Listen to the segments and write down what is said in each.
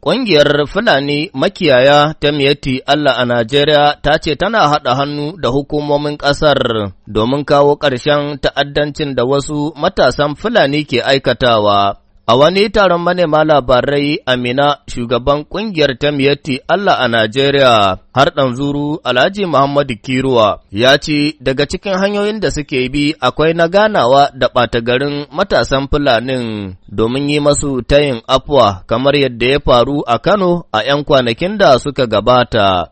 Ƙungiyar Fulani makiyaya ta miyati Allah a Najeriya ta ce tana haɗa hannu da hukumomin ƙasar domin kawo ƙarshen ta'addancin da wasu matasan Fulani ke aikatawa. A wani taron manema labarai Amina shugaban kungiyar Tamiyati Allah a Najeriya har ɗan zuru Alhaji Muhammadu Kiruwa ya ce daga cikin hanyoyin da suke bi akwai na ganawa da ɓata garin matasan Fulanin domin yi masu tayin afuwa kamar yadda ya faru a Kano a 'yan kwanakin da suka gabata.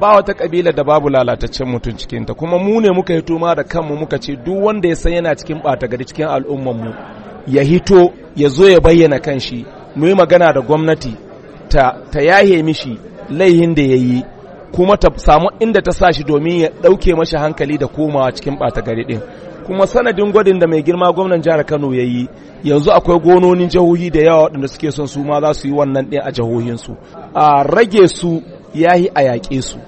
ba wata kabila da babu lalataccen mutum cikinta kuma mu ne muka hito ma da kanmu muka ce duk wanda ya san yana cikin ɓata gari cikin al'umman mu ya hito ya zo ya bayyana kan shi mu yi magana da gwamnati ta, ta yaye mishi laihin da ya yi kuma ta samu inda ta sa shi domin ya ɗauke mashi hankali da komawa cikin ɓata gari ɗin kuma sanadin gwadin da mai girma gwamnan jihar kano ya yi yanzu akwai gononin jihohi da yawa waɗanda suke son su ma za su yi wannan ɗin a jihohinsu a rage su ya yi a yaƙe su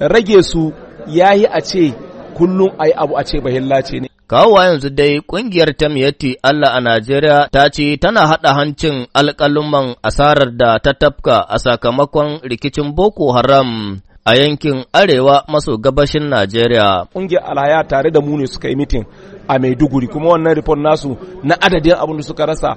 rage su ya yi a ce kullum a yi abu a ce bahillace ne Kawo yanzu dai ƙungiyar Tamiyati Allah a Najeriya ta ce tana haɗa hancin alƙaluman asarar da ta tafka a sakamakon rikicin Boko Haram a yankin arewa maso gabashin Najeriya. Ƙungiyar Alhaya tare da mu ne suka yi mitin a Maiduguri kuma wannan report nasu na adadin abin da suka rasa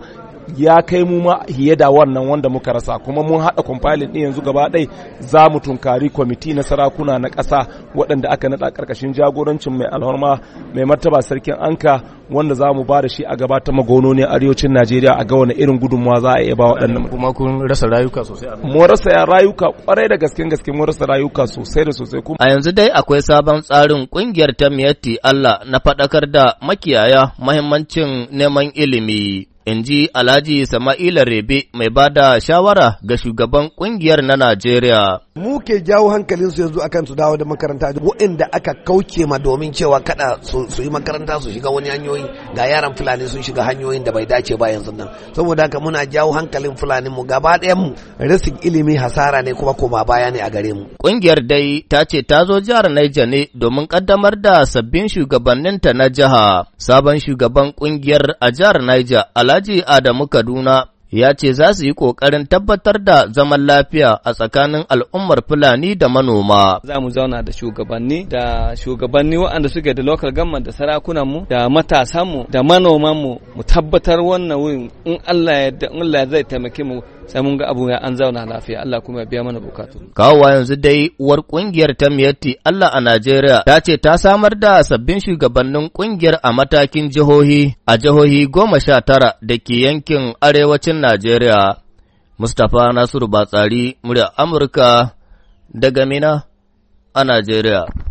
ya kai mu ma hiye da wannan wanda muka rasa kuma mun haɗa compiling din yanzu gaba ɗai za mu tunkari kwamiti na sarakuna na ƙasa waɗanda aka naɗa ƙarƙashin jagorancin mai alhorma mai martaba sarkin anka wanda za mu ba da shi a gaba ta magononin arewacin najeriya a ga wani irin gudunmawa za a iya ba waɗannan kuma kun rasa rayuka sosai mun rasa rayuka kwarai da gaske gaske mun rasa rayuka sosai da sosai kuma a yanzu dai akwai sabon tsarin ƙungiyar ta miyatti Allah na faɗakar da makiyaya muhimmancin neman ilimi in ji Alhaji Sama'ila Rebe mai ba da shawara ga shugaban kungiyar na Najeriya. Mu ke jawo hankalin su yanzu akan su dawo da makaranta waɗanda aka kauce ma domin cewa kada su yi makaranta su shiga wani hanyoyi ga yaran Fulani sun shiga hanyoyin da bai dace ba yanzu nan. Saboda haka muna jawo hankalin Fulani mu gaba ɗaya mu rasin ilimi hasara ne kuma koma baya ne a gare mu. Kungiyar dai ta ce ta zo jihar Niger ne domin kaddamar da sabbin shugabanninta na jiha. Sabon shugaban kungiyar a jihar Niger Alhaji Alhaji Adamu Kaduna ya ce za su yi ƙoƙarin tabbatar da zaman lafiya a tsakanin al'ummar Fulani da manoma. Za mu zauna da shugabanni da shugabanni waɗanda suke da local government da sarakunanmu da matasanmu da manomanmu mu tabbatar wannan wurin in Allah ya Allah zai taimake mu sai mun ga abu ya an zauna lafiya Allah kuma ya biya mana bukatu. Kawowa yanzu dai uwar ƙungiyar ta miyatti Allah a Najeriya ta ce ta samar da sabbin shugabannin ƙungiyar a matakin jihohi a jihohi goma sha tara da ke yankin arewacin arewacin Najeriya, Mustapha Nasiru Batsari, murya Amurka daga Mina a Najeriya.